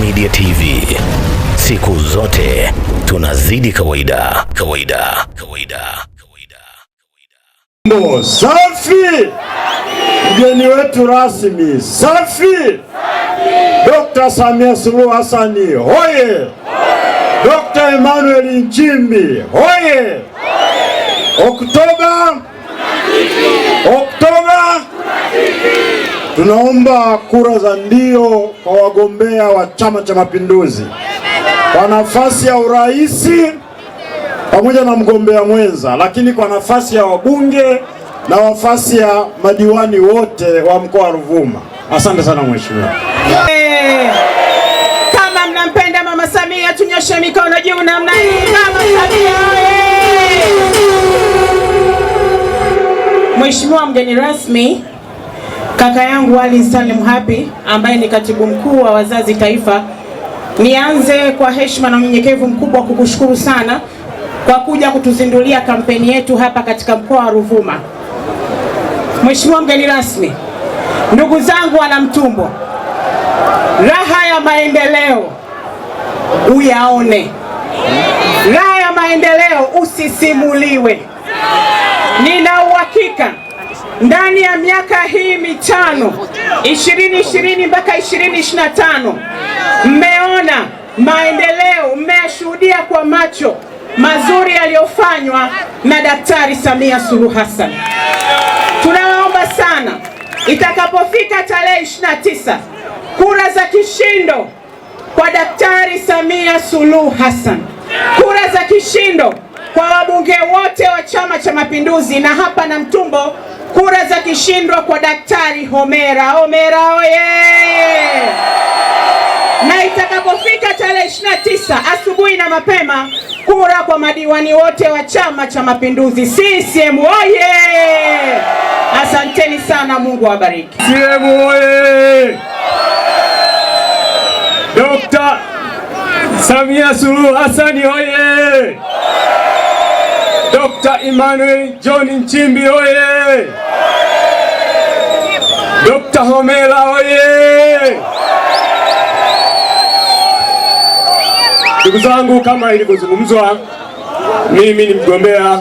Media TV, siku zote tunazidi kawaida kawaida kawaida kawaida. Safi mgeni wetu rasmi, safi Dr. Samia Suluhu Hassani hoye, Dr. Emmanuel Nchimbi hoye, Oktoba Tunaomba kura za ndio kwa wagombea wa Chama cha Mapinduzi kwa nafasi ya urais pamoja na mgombea mwenza, lakini kwa nafasi ya wabunge na nafasi ya madiwani wote wa mkoa wa Ruvuma. Asante sana mheshimiwa. kama mnampenda Mama Samia tunyoshe mikono juu namna hii. Mama Samia Mheshimiwa mgeni rasmi kaka yangu Ali Salim Hapi ambaye ni katibu mkuu wa wazazi taifa, nianze kwa heshima na unyenyekevu mkubwa kukushukuru sana kwa kuja kutuzindulia kampeni yetu hapa katika mkoa wa Ruvuma. Mheshimiwa mgeni rasmi, ndugu zangu Mtumbo, raha ya maendeleo uyaone, raha ya maendeleo usisimuliwe. Nina uhakika ndani ya miaka hii mitano 2020 mpaka 2025 mmeona maendeleo, mmeyashuhudia kwa macho mazuri yaliyofanywa na Daktari Samia Suluhu Hassan. Tunawaomba sana itakapofika tarehe 29 kura za kishindo kwa Daktari Samia Suluhu Hassan, kura za kishindo kwa wabunge wote wa Chama cha Mapinduzi, na hapa Namtumbo kura za kishindwa kwa Daktari Homera. Homera oye! Na itakapofika tarehe 29 asubuhi na mapema, kura kwa madiwani wote wa Chama cha Mapinduzi, CCM oye! Asanteni sana, Mungu awabariki. CCM oye! Dr. Samia Suluhu Hassan oye! Dr. Emmanuel John Nchimbi oye! Dkt. homela oye! Ndugu zangu, kama ilivyozungumzwa, mimi ni mgombea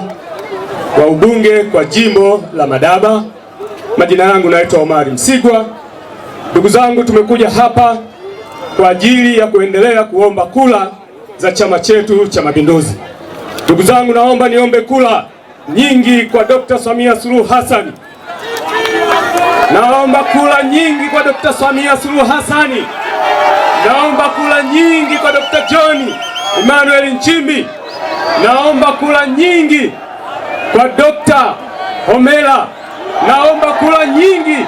wa ubunge kwa jimbo la Madaba. Majina yangu naitwa Omari Msigwa. Ndugu zangu, tumekuja hapa kwa ajili ya kuendelea kuomba kula za chama chetu cha Mapinduzi. Ndugu zangu, naomba niombe kula nyingi kwa Dkt. Samia Suluhu Hassan Naomba kula nyingi kwa Dr. Samia Suluhu Hassani. Naomba kula nyingi kwa Dr. John Emmanuel Nchimbi. Naomba kula nyingi kwa Dr. homela Naomba kula nyingi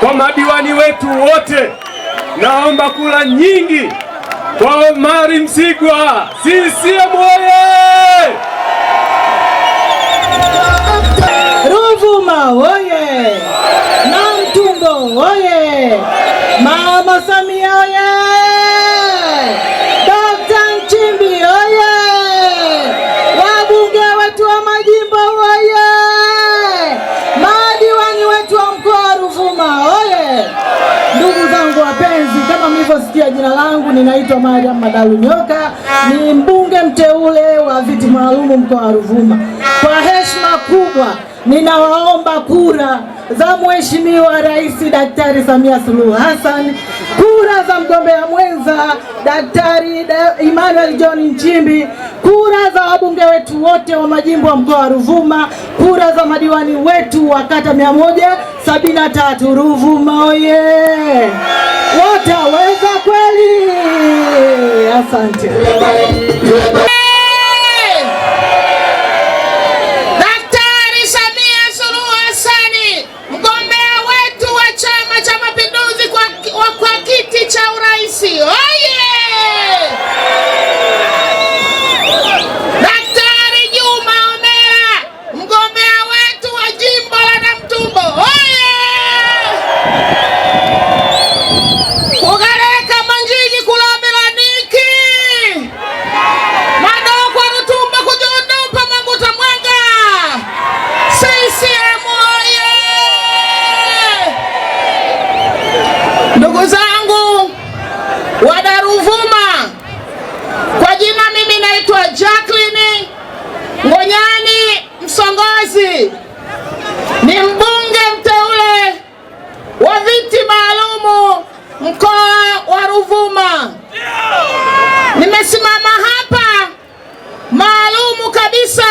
kwa madiwani wetu wote. Naomba kula nyingi kwa Omari Msigwa. CCM oye! Ruvuma oye! oye! Mama Samia oye! Dkt. Nchimbi oye! Wabunge wetu wa majimbo oye! Madiwani wetu wa mkoa wa Ruvuma oye! Ndugu zangu wapenzi, kama mlivyosikia jina langu, ninaitwa Mariam Madalu Nyoka, ni mbunge mteule wa viti maalumu mkoa wa Ruvuma. Kwa heshima kubwa ninawaomba kura za Mheshimiwa Rais Daktari Samia Suluhu Hassan, kura za mgombea mwenza Daktari Emmanuel John Nchimbi, kura za wabunge wetu wote wa majimbo ya mkoa wa Ruvuma, kura za madiwani wetu wa kata 173 Ruvuma oye! Wataweza kweli! Asante. anaitwa Jacqueline Ngonyani Msongozi, ni mbunge mteule wa viti maalumu mkoa wa Ruvuma. Nimesimama hapa maalumu kabisa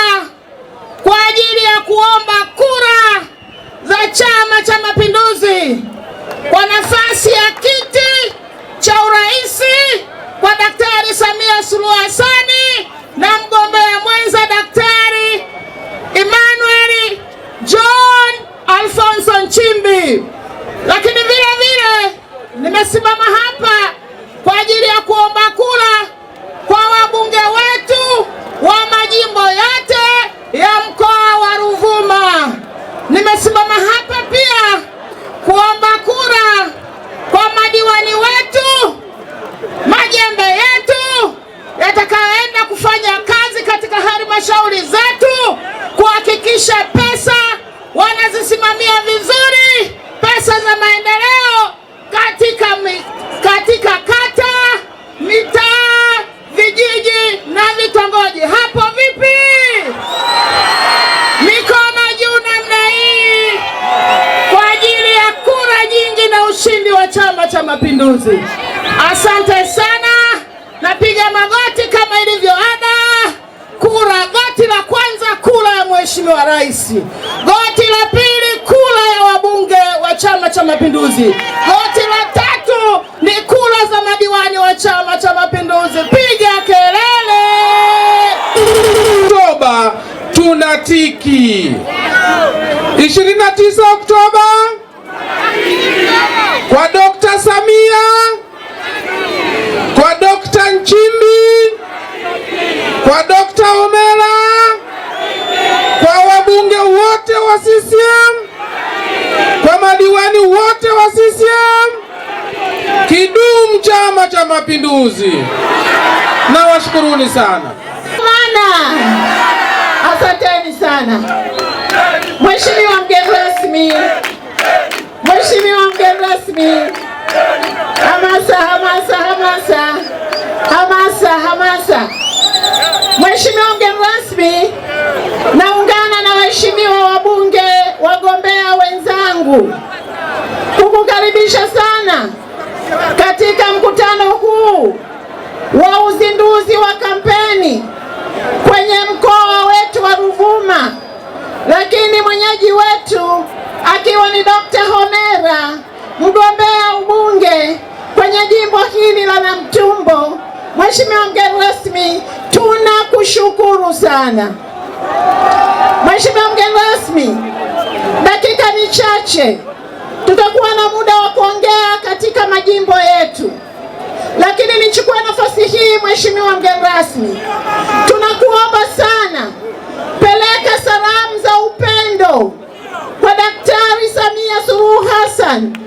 kwa ajili ya kuomba kura za Chama cha Mapinduzi kwa nafasi ya kiti cha urais kwa Daktari Samia Suluhu Hassan Tumesimama hapa kwa ajili ya kuomba Asante sana, napiga magoti kama ilivyo ada. Kura goti la kwanza, kura ya mheshimiwa rais. Goti la pili, kura ya wabunge wa Chama cha Mapinduzi. Goti la tatu ni kura za madiwani wa Chama cha Mapinduzi. Piga kelele! Oktoba tunatiki 29 Oktoba kwa Dr. Samia Nchimbi, kwa Dr. Omela, kwa wabunge wote wa CCM, kwa madiwani wote wa CCM. Kidumu Chama cha Mapinduzi! Na washukuruni sana Mana. Asanteni sana Mheshimiwa mgeni rasmi, Mheshimiwa mgeni rasmi. Hamasa, hamasa, hamasa. Hamasa, hamasa. Mheshimiwa mgeni rasmi, naungana na waheshimiwa wabunge, wagombea wenzangu kukukaribisha sana katika mkutano huu wa uzinduzi wa kampeni kwenye mkoa wetu wa Ruvuma, lakini mwenyeji wetu akiwa ni Dr. Homera mgombea Mheshimiwa mgeni rasmi, tunakushukuru sana. Mheshimiwa mgeni rasmi, dakika ni chache, tutakuwa na muda wa kuongea katika majimbo yetu, lakini nichukue nafasi hii, Mheshimiwa mgeni rasmi, tunakuomba sana, peleka salamu za upendo kwa Daktari Samia Suluhu Hassan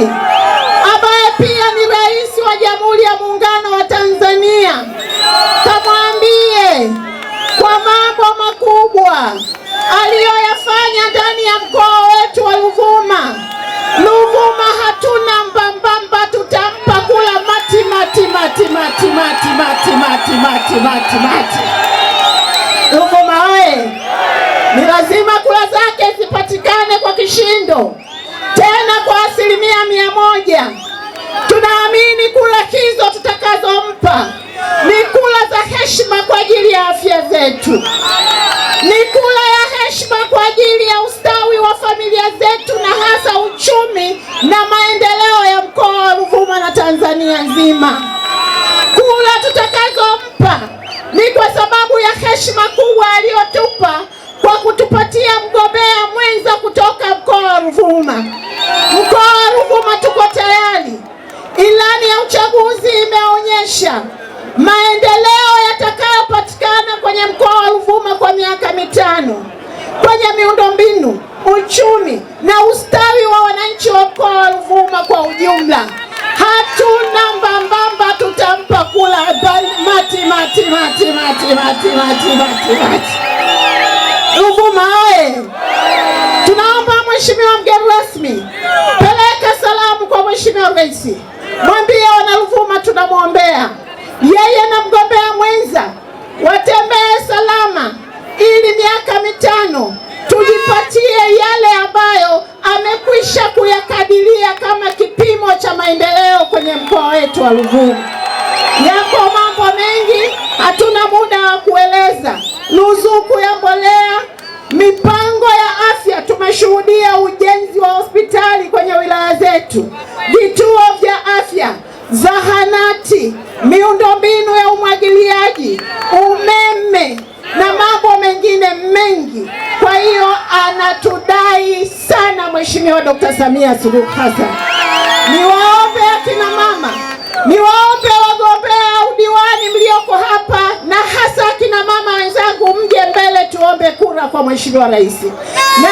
Magufuli ambaye pia ni rais wa Jamhuri ya Muungano wa Tanzania, kamwambie kwa mambo makubwa aliyoyafanya ndani ya mkoa wetu wa Ruvuma. Ruvuma hatuna mbambamba, tutampa kula mati mati mati mati mati mati mati mati mati mati. Ruvuma oye! Ni lazima kula zake zipatikane kwa kishindo tena kwa mia moja. Tunaamini kula hizo tutakazompa ni kula za heshima kwa ajili ya afya zetu, ni kula ya heshima kwa ajili ya ustawi wa familia zetu, na hasa uchumi na maendeleo ya mkoa wa Ruvuma na Tanzania nzima. Kula tutakazompa ni kwa sababu ya heshima kubwa aliyotupa kwa kutupatia mgombea mwenza kutoka mkoa wa Ruvuma. Mkoa wa Ruvuma tuko tayari. Ilani ya uchaguzi imeonyesha maendeleo yatakayopatikana kwenye mkoa wa Ruvuma kwa miaka mitano kwenye miundombinu, uchumi na ustawi wa wananchi wa mkoa wa Ruvuma kwa ujumla. Hatuna mbambamba, tutampa kula mati mati mati mati mati mati mati mati. Ruvuma oye! Mheshimiwa mgeni rasmi, peleka salamu kwa Mheshimiwa Rais, mwambie Wanaruvuma tunamwombea yeye na mgombea mwenza watembee salama, ili miaka mitano tujipatie yale ambayo amekwisha kuyakadiria kama kipimo cha maendeleo kwenye mkoa wetu wa Ruvuma. Yako mambo mengi, hatuna muda wa kueleza: ruzuku ya mbolea, mipango ya Samia Suluhu Hassan. Niwaombe akina mama, niwaombe wagombea udiwani mlioko hapa na hasa akina mama wenzangu, mje mbele tuombe kura kwa mheshimiwa rais na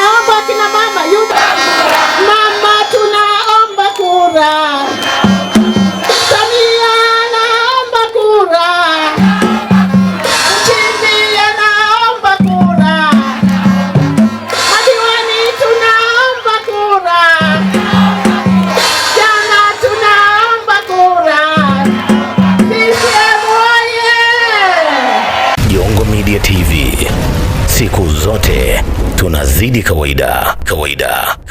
zidi kawaida kawaida.